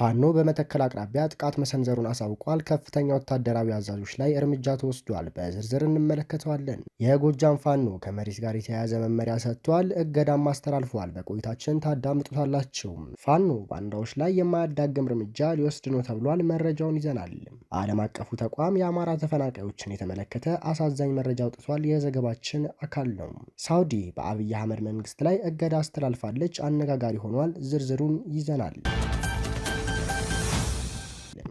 ፋኖ በመተከል አቅራቢያ ጥቃት መሰንዘሩን አሳውቋል። ከፍተኛ ወታደራዊ አዛዦች ላይ እርምጃ ተወስዷል። በዝርዝር እንመለከተዋለን። የጎጃም ፋኖ ከመሬት ጋር የተያያዘ መመሪያ ሰጥቷል። እገዳም አስተላልፏል። በቆይታችን ታዳምጡታላችሁ። ፋኖ ባንዳዎች ላይ የማያዳግም እርምጃ ሊወስድ ነው ተብሏል። መረጃውን ይዘናል። ዓለም አቀፉ ተቋም የአማራ ተፈናቃዮችን የተመለከተ አሳዛኝ መረጃ አውጥቷል። የዘገባችን አካል ነው። ሳውዲ በአብይ አህመድ መንግስት ላይ እገዳ አስተላልፋለች። አነጋጋሪ ሆኗል። ዝርዝሩን ይዘናል።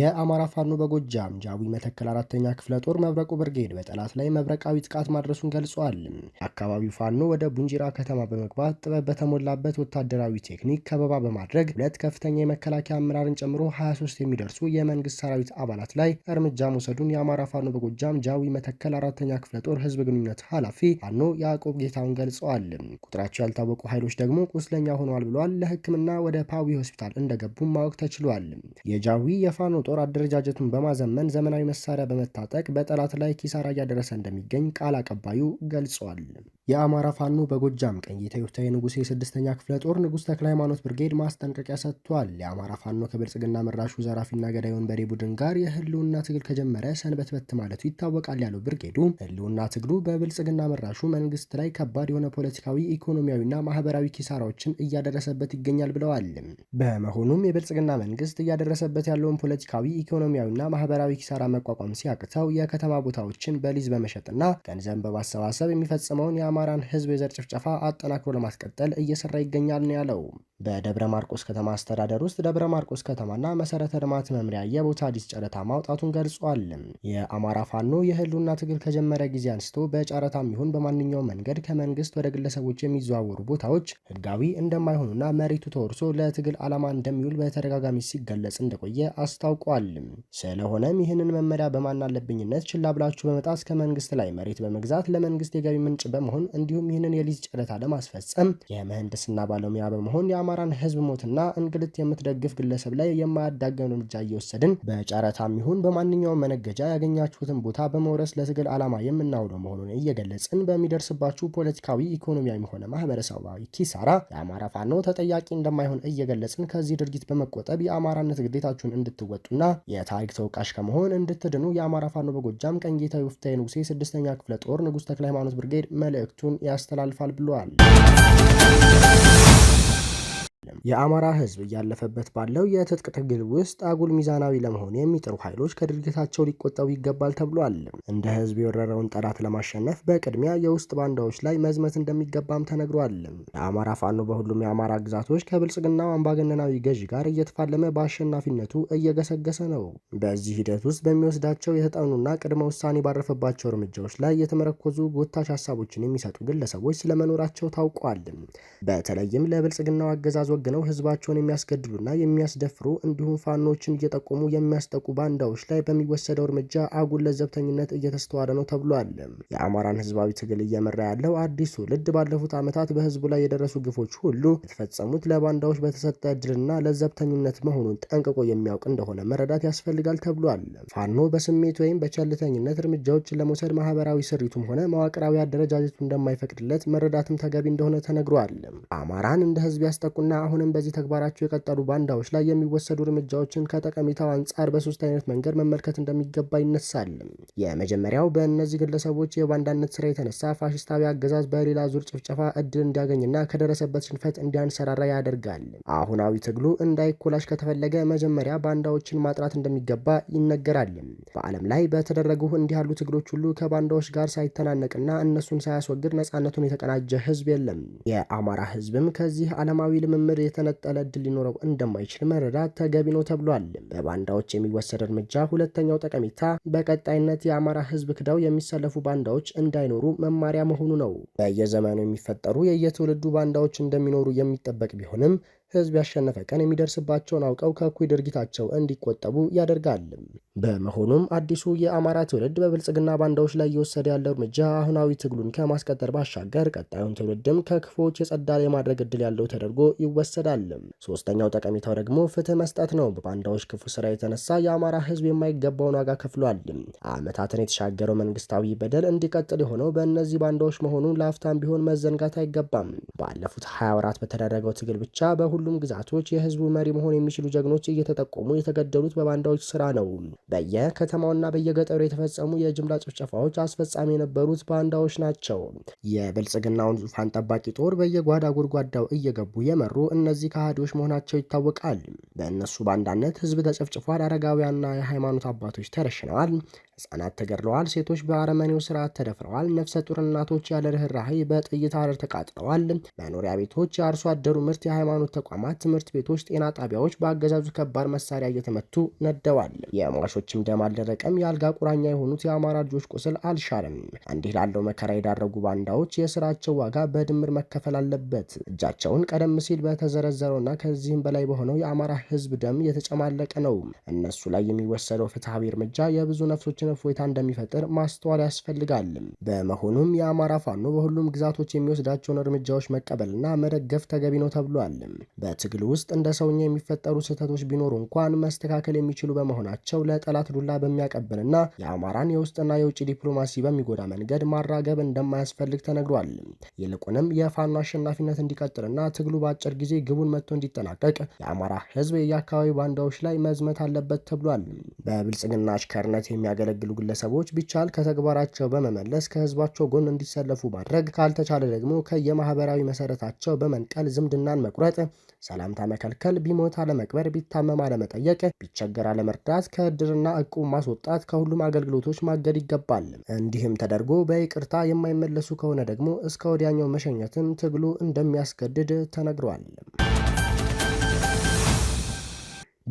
የአማራ ፋኖ በጎጃም ጃዊ መተከል አራተኛ ክፍለ ጦር መብረቁ ብርጌድ በጠላት ላይ መብረቃዊ ጥቃት ማድረሱን ገልጿል። አካባቢው ፋኖ ወደ ቡንጂራ ከተማ በመግባት ጥበብ በተሞላበት ወታደራዊ ቴክኒክ ከበባ በማድረግ ሁለት ከፍተኛ የመከላከያ አመራርን ጨምሮ 23 የሚደርሱ የመንግስት ሰራዊት አባላት ላይ እርምጃ መውሰዱን የአማራ ፋኖ በጎጃም ጃዊ መተከል አራተኛ ክፍለ ጦር ህዝብ ግንኙነት ኃላፊ ፋኖ ያዕቆብ ጌታውን ገልጸዋል። ቁጥራቸው ያልታወቁ ኃይሎች ደግሞ ቁስለኛ ሆነዋል ብለዋል። ለህክምና ወደ ፓዊ ሆስፒታል እንደገቡ ማወቅ ተችሏል። የጃዊ የፋኖ የጦር አደረጃጀቱን በማዘመን ዘመናዊ መሳሪያ በመታጠቅ በጠላት ላይ ኪሳራ እያደረሰ እንደሚገኝ ቃል አቀባዩ ገልጿል። የአማራ ፋኖ በጎጃም ቀኝ የዮፍታሔ ንጉሴ የስድስተኛ ክፍለ ጦር ንጉሥ ተክለ ሃይማኖት ብርጌድ ማስጠንቀቂያ ሰጥቷል። የአማራ ፋኖ ከብልጽግና መራሹ ዘራፊና ገዳይ ወንበዴ ቡድን ጋር የህልውና ትግል ከጀመረ ሰንበት በት ማለቱ ይታወቃል ያለው ብርጌዱ ህልውና ትግሉ በብልጽግና መራሹ መንግስት ላይ ከባድ የሆነ ፖለቲካዊ፣ ኢኮኖሚያዊና ማህበራዊ ኪሳራዎችን እያደረሰበት ይገኛል ብለዋል። በመሆኑም የብልጽግና መንግስት እያደረሰበት ያለውን ፖለቲካ ታሪካዊ ኢኮኖሚያዊና ማህበራዊ ኪሳራ መቋቋም ሲያቅተው የከተማ ቦታዎችን በሊዝ በመሸጥና ገንዘብ በማሰባሰብ የሚፈጽመውን የአማራን ህዝብ የዘር ጭፍጨፋ አጠናክሮ ለማስቀጠል እየሰራ ይገኛል ነው ያለው። በደብረ ማርቆስ ከተማ አስተዳደር ውስጥ ደብረ ማርቆስ ከተማና መሰረተ ልማት መምሪያ የቦታ ሊዝ ጨረታ ማውጣቱን ገልጿል። የአማራ ፋኖ የህልውና ትግል ከጀመረ ጊዜ አንስቶ በጨረታም ይሁን በማንኛውም መንገድ ከመንግስት ወደ ግለሰቦች የሚዘዋወሩ ቦታዎች ህጋዊ እንደማይሆኑና መሬቱ ተወርሶ ለትግል ዓላማ እንደሚውል በተደጋጋሚ ሲገለጽ እንደቆየ አስታውቋል። አስታውቋል። ስለሆነም ይህንን መመሪያ በማናለብኝነት ችላ ብላችሁ በመጣስ ከመንግስት ላይ መሬት በመግዛት ለመንግስት የገቢ ምንጭ በመሆን እንዲሁም ይህንን የሊዝ ጨረታ ለማስፈጸም የምህንድስና ባለሙያ በመሆን የአማራን ህዝብ ሞትና እንግልት የምትደግፍ ግለሰብ ላይ የማያዳግም እርምጃ እየወሰድን በጨረታም ይሁን በማንኛውም መነገጃ ያገኛችሁትን ቦታ በመውረስ ለትግል ዓላማ የምናውለው መሆኑን እየገለጽን በሚደርስባችሁ ፖለቲካዊ፣ ኢኮኖሚያዊ ሆነ ማህበረሰባዊ ኪሳራ የአማራ ፋኖ ተጠያቂ እንደማይሆን እየገለጽን ከዚህ ድርጊት በመቆጠብ የአማራነት ግዴታችሁን እንድትወጡ እና የታሪክ ተወቃሽ ከመሆን እንድትድኑ የአማራ ፋኖ በጎጃም ቀንጌታዊ ውፍታዬ ንጉሴ ስድስተኛ ክፍለ ጦር ንጉሥ ተክለ ሃይማኖት ብርጌድ መልእክቱን ያስተላልፋል ብለዋል። አይደለም። የአማራ ህዝብ እያለፈበት ባለው የትጥቅ ትግል ውስጥ አጉል ሚዛናዊ ለመሆን የሚጥሩ ኃይሎች ከድርጊታቸው ሊቆጠቡ ይገባል ተብሏል። እንደ ህዝብ የወረረውን ጠላት ለማሸነፍ በቅድሚያ የውስጥ ባንዳዎች ላይ መዝመት እንደሚገባም ተነግሯል። የአማራ ፋኖ በሁሉም የአማራ ግዛቶች ከብልጽግናው አምባገነናዊ ገዢ ጋር እየተፋለመ በአሸናፊነቱ እየገሰገሰ ነው። በዚህ ሂደት ውስጥ በሚወስዳቸው የተጠኑና ቅድመ ውሳኔ ባረፈባቸው እርምጃዎች ላይ የተመረኮዙ ጎታች ሀሳቦችን የሚሰጡ ግለሰቦች ስለመኖራቸው ታውቋል። በተለይም ለብልጽግናው አገዛዝ ወግነው ህዝባቸውን የሚያስገድሉና የሚያስደፍሩ እንዲሁም ፋኖችን እየጠቆሙ የሚያስጠቁ ባንዳዎች ላይ በሚወሰደው እርምጃ አጉል ለዘብተኝነት እየተስተዋለ ነው ተብሏል። የአማራን ህዝባዊ ትግል እየመራ ያለው አዲሱ ልድ ባለፉት ዓመታት በህዝቡ ላይ የደረሱ ግፎች ሁሉ የተፈጸሙት ለባንዳዎች በተሰጠ እድልና ለዘብተኝነት መሆኑን ጠንቅቆ የሚያውቅ እንደሆነ መረዳት ያስፈልጋል ተብሏል። ፋኖ በስሜት ወይም በቸልተኝነት እርምጃዎችን ለመውሰድ ማህበራዊ ስሪቱም ሆነ መዋቅራዊ አደረጃጀቱ እንደማይፈቅድለት መረዳትም ተገቢ እንደሆነ ተነግሯል። አማራን እንደ ህዝብ ያስጠቁና አሁንም በዚህ ተግባራቸው የቀጠሉ ባንዳዎች ላይ የሚወሰዱ እርምጃዎችን ከጠቀሜታው አንጻር በሶስት አይነት መንገድ መመልከት እንደሚገባ ይነሳል። የመጀመሪያው በእነዚህ ግለሰቦች የባንዳነት ስራ የተነሳ ፋሽስታዊ አገዛዝ በሌላ ዙር ጭፍጨፋ እድል እንዲያገኝና ከደረሰበት ሽንፈት እንዲያንሰራራ ያደርጋል። አሁናዊ ትግሉ እንዳይኮላሽ ከተፈለገ መጀመሪያ ባንዳዎችን ማጥራት እንደሚገባ ይነገራል። በዓለም ላይ በተደረጉ እንዲህ ያሉ ትግሎች ሁሉ ከባንዳዎች ጋር ሳይተናነቅና እነሱን ሳያስወግድ ነጻነቱን የተቀናጀ ህዝብ የለም። የአማራ ህዝብም ከዚህ ዓለማዊ ልምምድ ጭምር የተነጠለ እድል ሊኖረው እንደማይችል መረዳት ተገቢ ነው ተብሏል። በባንዳዎች የሚወሰድ እርምጃ ሁለተኛው ጠቀሜታ በቀጣይነት የአማራ ህዝብ ክደው የሚሰለፉ ባንዳዎች እንዳይኖሩ መማሪያ መሆኑ ነው። በየዘመኑ የሚፈጠሩ የየትውልዱ ባንዳዎች እንደሚኖሩ የሚጠበቅ ቢሆንም ህዝብ ያሸነፈ ቀን የሚደርስባቸውን አውቀው ከእኩይ ድርጊታቸው እንዲቆጠቡ ያደርጋል። በመሆኑም አዲሱ የአማራ ትውልድ በብልጽግና ባንዳዎች ላይ እየወሰደ ያለው እርምጃ አሁናዊ ትግሉን ከማስቀጠል ባሻገር ቀጣዩን ትውልድም ከክፎች የጸዳ የማድረግ እድል ያለው ተደርጎ ይወሰዳል። ሶስተኛው ጠቀሜታው ደግሞ ፍትህ መስጠት ነው። በባንዳዎች ክፉ ስራ የተነሳ የአማራ ህዝብ የማይገባውን ዋጋ ከፍሏል። አመታትን የተሻገረው መንግስታዊ በደል እንዲቀጥል የሆነው በእነዚህ ባንዳዎች መሆኑን ለአፍታም ቢሆን መዘንጋት አይገባም። ባለፉት ሀያ ወራት በተደረገው ትግል ብቻ በሁ በሁሉም ግዛቶች የህዝቡ መሪ መሆን የሚችሉ ጀግኖች እየተጠቆሙ የተገደሉት በባንዳዎች ስራ ነው። በየከተማውና በየገጠሩ የተፈጸሙ የጅምላ ጭፍጨፋዎች አስፈጻሚ የነበሩት ባንዳዎች ናቸው። የብልጽግናውን ዙፋን ጠባቂ ጦር በየጓዳ ጉድጓዳው እየገቡ የመሩ እነዚህ ከሃዲዎች መሆናቸው ይታወቃል። በእነሱ ባንዳነት ህዝብ ተጨፍጭፏል። አረጋውያንና የሃይማኖት አባቶች ተረሽነዋል። ሕፃናት ተገድለዋል፣ ሴቶች በአረመኔው ስርዓት ተደፍረዋል፣ ነፍሰ ጡር እናቶች ያለ ርኅራኄ በጥይት አረር ተቃጥለዋል፣ መኖሪያ ቤቶች፣ የአርሶ አደሩ ምርት፣ የሃይማኖት ተቋማት፣ ትምህርት ቤቶች፣ ጤና ጣቢያዎች በአገዛዙ ከባድ መሳሪያ እየተመቱ ነደዋል። የሟሾችም ደም አልደረቀም። የአልጋ ቁራኛ የሆኑት የአማራ ልጆች ቁስል አልሻለም። እንዲህ ላለው መከራ የዳረጉ ባንዳዎች የስራቸው ዋጋ በድምር መከፈል አለበት። እጃቸውን ቀደም ሲል በተዘረዘረውና ከዚህም በላይ በሆነው የአማራ ህዝብ ደም እየተጨማለቀ ነው። እነሱ ላይ የሚወሰደው ፍትሐዊ እርምጃ የብዙ ነፍሶችን ውስጣችን እፎይታ እንደሚፈጥር ማስተዋል ያስፈልጋል። በመሆኑም የአማራ ፋኖ በሁሉም ግዛቶች የሚወስዳቸውን እርምጃዎች መቀበልና መደገፍ ተገቢ ነው ተብሏል። በትግል ውስጥ እንደ ሰውኛ የሚፈጠሩ ስህተቶች ቢኖሩ እንኳን መስተካከል የሚችሉ በመሆናቸው ለጠላት ዱላ በሚያቀብልና የአማራን የውስጥና የውጭ ዲፕሎማሲ በሚጎዳ መንገድ ማራገብ እንደማያስፈልግ ተነግሯል። ይልቁንም የፋኖ አሸናፊነት እንዲቀጥልና ትግሉ በአጭር ጊዜ ግቡን መጥቶ እንዲጠናቀቅ የአማራ ህዝብ የአካባቢ ባንዳዎች ላይ መዝመት አለበት ተብሏል። በብልጽግና አሽከርነት የሚያገለግ የሚያገለግሉ ግለሰቦች ቢቻል ከተግባራቸው በመመለስ ከህዝባቸው ጎን እንዲሰለፉ ማድረግ፣ ካልተቻለ ደግሞ ከየማህበራዊ መሰረታቸው በመንቀል ዝምድናን መቁረጥ፣ ሰላምታ መከልከል፣ ቢሞት አለመቅበር፣ ቢታመም አለመጠየቅ፣ ቢቸገር አለመርዳት፣ ከእድርና እቁብ ማስወጣት፣ ከሁሉም አገልግሎቶች ማገድ ይገባል። እንዲህም ተደርጎ በይቅርታ የማይመለሱ ከሆነ ደግሞ እስከ ወዲያኛው መሸኘትን ትግሉ እንደሚያስገድድ ተነግሯል።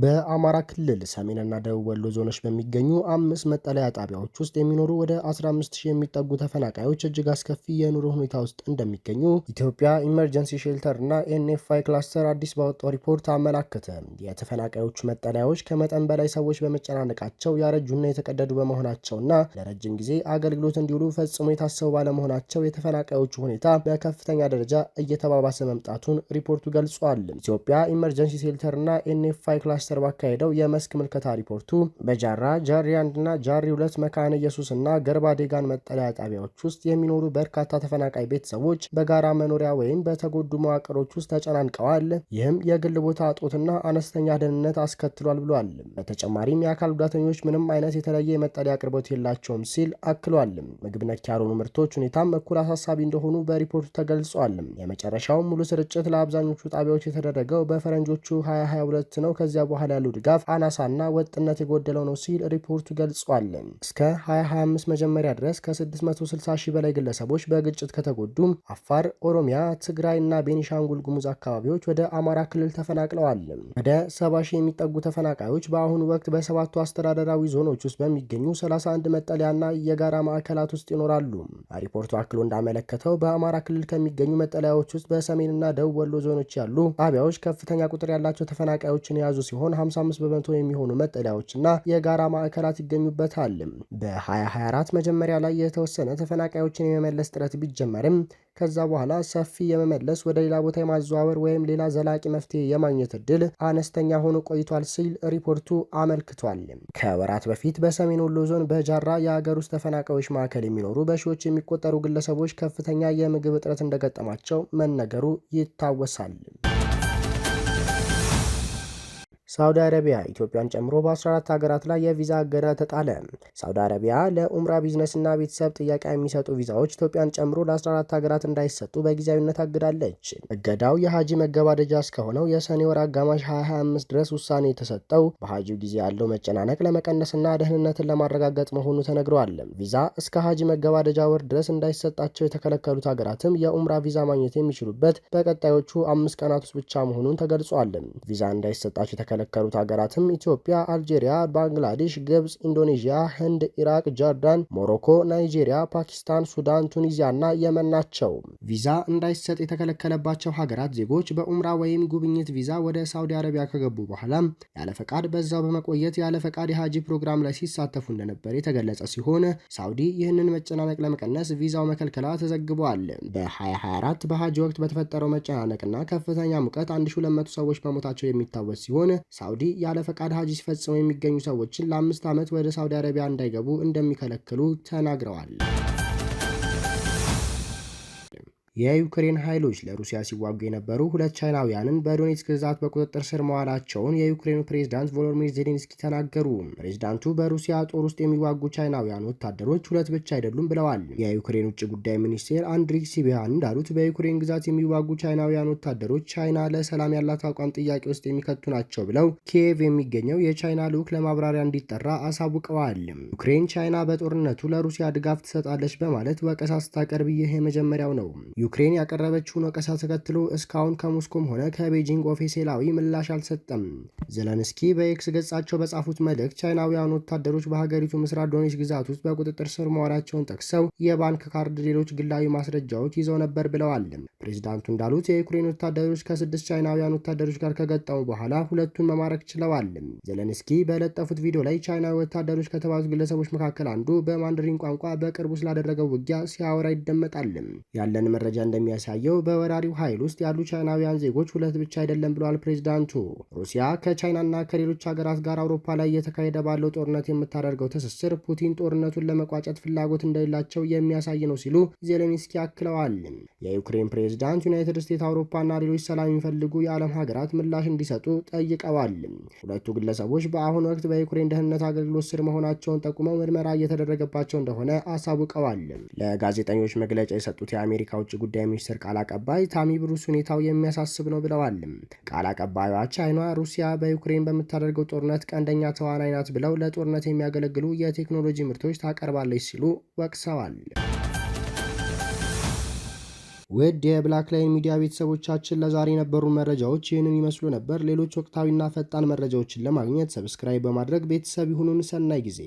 በአማራ ክልል ሰሜንና ደቡብ ወሎ ዞኖች በሚገኙ አምስት መጠለያ ጣቢያዎች ውስጥ የሚኖሩ ወደ 15 ሺህ የሚጠጉ ተፈናቃዮች እጅግ አስከፊ የኑሮ ሁኔታ ውስጥ እንደሚገኙ ኢትዮጵያ ኢመርጀንሲ ሼልተር እና ኤንኤፍአይ ክላስተር አዲስ ባወጣው ሪፖርት አመላከተ። የተፈናቃዮቹ መጠለያዎች ከመጠን በላይ ሰዎች በመጨናነቃቸው ያረጁና የተቀደዱ በመሆናቸውና ለረጅም ጊዜ አገልግሎት እንዲውሉ ፈጽሞ የታሰቡ ባለመሆናቸው የተፈናቃዮቹ ሁኔታ በከፍተኛ ደረጃ እየተባባሰ መምጣቱን ሪፖርቱ ገልጿል። ኢትዮጵያ ኢመርጀንሲ ሼልተር እና ኤንኤፍአይ ክላስተር አስር ባካሄደው የመስክ ምልከታ ሪፖርቱ በጃራ ጃሪ አንድና ጃሪ ሁለት መካነ ኢየሱስና ገርባ ዴጋን መጠለያ ጣቢያዎች ውስጥ የሚኖሩ በርካታ ተፈናቃይ ቤተሰቦች በጋራ መኖሪያ ወይም በተጎዱ መዋቅሮች ውስጥ ተጨናንቀዋል። ይህም የግል ቦታ እጦትና አነስተኛ ደህንነት አስከትሏል ብሏል። በተጨማሪም የአካል ጉዳተኞች ምንም አይነት የተለየ የመጠለያ አቅርቦት የላቸውም ሲል አክሏል። ምግብ ነክ ያልሆኑ ምርቶች ሁኔታም እኩል አሳሳቢ እንደሆኑ በሪፖርቱ ተገልጿል። የመጨረሻው ሙሉ ስርጭት ለአብዛኞቹ ጣቢያዎች የተደረገው በፈረንጆቹ 2022 ነው። ከዚያ በኋላ በኋላ ያለው ድጋፍ አናሳና ወጥነት የጎደለው ነው ሲል ሪፖርቱ ገልጿል። እስከ 2025 መጀመሪያ ድረስ ከ660 ሺህ በላይ ግለሰቦች በግጭት ከተጎዱም አፋር፣ ኦሮሚያ፣ ትግራይ እና ቤኒሻንጉል ጉሙዝ አካባቢዎች ወደ አማራ ክልል ተፈናቅለዋል። ወደ 70 ሺህ የሚጠጉ ተፈናቃዮች በአሁኑ ወቅት በሰባቱ አስተዳደራዊ ዞኖች ውስጥ በሚገኙ 31 መጠለያና የጋራ ማዕከላት ውስጥ ይኖራሉ። ሪፖርቱ አክሎ እንዳመለከተው በአማራ ክልል ከሚገኙ መጠለያዎች ውስጥ በሰሜንና ደቡብ ወሎ ዞኖች ያሉ ጣቢያዎች ከፍተኛ ቁጥር ያላቸው ተፈናቃዮችን የያዙ ሲሆን ሲሆን 55 በመቶ የሚሆኑ መጠለያዎችና የጋራ ማዕከላት ይገኙበታል። በ2024 መጀመሪያ ላይ የተወሰነ ተፈናቃዮችን የመመለስ ጥረት ቢጀመርም ከዛ በኋላ ሰፊ የመመለስ ወደ ሌላ ቦታ የማዘዋወር ወይም ሌላ ዘላቂ መፍትሄ የማግኘት እድል አነስተኛ ሆኖ ቆይቷል ሲል ሪፖርቱ አመልክቷል። ከወራት በፊት በሰሜን ወሎ ዞን በጃራ የሀገር ውስጥ ተፈናቃዮች ማዕከል የሚኖሩ በሺዎች የሚቆጠሩ ግለሰቦች ከፍተኛ የምግብ እጥረት እንደገጠማቸው መነገሩ ይታወሳል። ሳውዲ አረቢያ ኢትዮጵያን ጨምሮ በ14 ሀገራት ላይ የቪዛ እገዳ ተጣለ። ሳውዲ አረቢያ ለኡምራ ቢዝነስና ቤተሰብ ጥያቄ የሚሰጡ ቪዛዎች ኢትዮጵያን ጨምሮ ለ14 ሀገራት እንዳይሰጡ በጊዜያዊነት አግዳለች። እገዳው የሀጂ መገባደጃ እስከሆነው የሰኔ ወር አጋማሽ 2025 ድረስ ውሳኔ የተሰጠው በሀጂው ጊዜ ያለው መጨናነቅ ለመቀነስና ደህንነትን ለማረጋገጥ መሆኑ ተነግረዋል። ቪዛ እስከ ሀጂ መገባደጃ ወር ድረስ እንዳይሰጣቸው የተከለከሉት ሀገራትም የኡምራ ቪዛ ማግኘት የሚችሉበት በቀጣዮቹ አምስት ቀናት ውስጥ ብቻ መሆኑን ተገልጿል። ቪዛ እንዳይሰጣቸው የተከለከሉት ሀገራትም ኢትዮጵያ፣ አልጄሪያ፣ ባንግላዴሽ፣ ግብፅ፣ ኢንዶኔዥያ፣ ህንድ፣ ኢራቅ፣ ጆርዳን፣ ሞሮኮ፣ ናይጄሪያ፣ ፓኪስታን፣ ሱዳን፣ ቱኒዚያና የመን ናቸው። ቪዛ እንዳይሰጥ የተከለከለባቸው ሀገራት ዜጎች በኡምራ ወይም ጉብኝት ቪዛ ወደ ሳውዲ አረቢያ ከገቡ በኋላ ያለ ፈቃድ በዛው በመቆየት ያለ ፈቃድ የሀጂ ፕሮግራም ላይ ሲሳተፉ እንደነበር የተገለጸ ሲሆን ሳውዲ ይህንን መጨናነቅ ለመቀነስ ቪዛው መከልከላ ተዘግቧል። በ2024 በሀጂ ወቅት በተፈጠረው መጨናነቅና ከፍተኛ ሙቀት 1200 ሰዎች መሞታቸው የሚታወስ ሲሆን ሳውዲ ያለ ፈቃድ ሀጂ ሲፈጽሙ የሚገኙ ሰዎችን ለአምስት ዓመት ወደ ሳውዲ አረቢያ እንዳይገቡ እንደሚከለክሉ ተናግረዋል። የዩክሬን ኃይሎች ለሩሲያ ሲዋጉ የነበሩ ሁለት ቻይናውያንን በዶኔትስክ ግዛት በቁጥጥር ስር መዋላቸውን የዩክሬኑ ፕሬዝዳንት ቮሎዲሚር ዜሌንስኪ ተናገሩ። ፕሬዚዳንቱ በሩሲያ ጦር ውስጥ የሚዋጉ ቻይናውያን ወታደሮች ሁለት ብቻ አይደሉም ብለዋል። የዩክሬን ውጭ ጉዳይ ሚኒስቴር አንድሪ ሲቢሃን እንዳሉት በዩክሬን ግዛት የሚዋጉ ቻይናውያን ወታደሮች ቻይና ለሰላም ያላት አቋም ጥያቄ ውስጥ የሚከቱ ናቸው ብለው ኪየቭ የሚገኘው የቻይና ልዑክ ለማብራሪያ እንዲጠራ አሳውቀዋል። ዩክሬን ቻይና በጦርነቱ ለሩሲያ ድጋፍ ትሰጣለች በማለት ወቀሳ ስታቀርብ ይህ የመጀመሪያው ነው። ዩክሬን ያቀረበችውን ወቀሳ ተከትሎ እስካሁን ከሞስኮም ሆነ ከቤጂንግ ኦፊሴላዊ ምላሽ አልሰጠም። ዘለንስኪ በኤክስ ገጻቸው በጻፉት መልእክት ቻይናውያን ወታደሮች በሀገሪቱ ምስራቅ ዶኔትስክ ግዛት ውስጥ በቁጥጥር ስር መዋላቸውን ጠቅሰው የባንክ ካርድ፣ ሌሎች ግላዊ ማስረጃዎች ይዘው ነበር ብለዋል። ፕሬዚዳንቱ እንዳሉት የዩክሬን ወታደሮች ከስድስት ቻይናውያን ወታደሮች ጋር ከገጠሙ በኋላ ሁለቱን መማረክ ችለዋል። ዘለንስኪ በለጠፉት ቪዲዮ ላይ ቻይናዊ ወታደሮች ከተባሉት ግለሰቦች መካከል አንዱ በማንደሪን ቋንቋ በቅርቡ ስላደረገው ውጊያ ሲያወራ ይደመጣል። ያለን መረጃ መረጃ እንደሚያሳየው በወራሪው ኃይል ውስጥ ያሉ ቻይናውያን ዜጎች ሁለት ብቻ አይደለም ብለዋል ፕሬዚዳንቱ። ሩሲያ ከቻይናና ከሌሎች ሀገራት ጋር አውሮፓ ላይ እየተካሄደ ባለው ጦርነት የምታደርገው ትስስር ፑቲን ጦርነቱን ለመቋጨት ፍላጎት እንደሌላቸው የሚያሳይ ነው ሲሉ ዜሌንስኪ አክለዋል። የዩክሬን ፕሬዚዳንት ዩናይትድ ስቴትስ፣ አውሮፓና ሌሎች ሰላም የሚፈልጉ የዓለም ሀገራት ምላሽ እንዲሰጡ ጠይቀዋል። ሁለቱ ግለሰቦች በአሁኑ ወቅት በዩክሬን ደህንነት አገልግሎት ስር መሆናቸውን ጠቁመው ምርመራ እየተደረገባቸው እንደሆነ አሳውቀዋል። ለጋዜጠኞች መግለጫ የሰጡት የአሜሪካ ውጭ ጉዳይ ሚኒስትር ቃል አቀባይ ታሚ ብሩስ ሁኔታው የሚያሳስብ ነው ብለዋል። ቃል አቀባዩዋ ቻይና ሩሲያ በዩክሬን በምታደርገው ጦርነት ቀንደኛ ተዋናይ ናት ብለው ለጦርነት የሚያገለግሉ የቴክኖሎጂ ምርቶች ታቀርባለች ሲሉ ወቅሰዋል። ውድ የብላክ ላይን ሚዲያ ቤተሰቦቻችን ለዛሬ የነበሩ መረጃዎች ይህንን ይመስሉ ነበር። ሌሎች ወቅታዊና ፈጣን መረጃዎችን ለማግኘት ሰብስክራይብ በማድረግ ቤተሰብ ይሁኑን። ሰናይ ጊዜ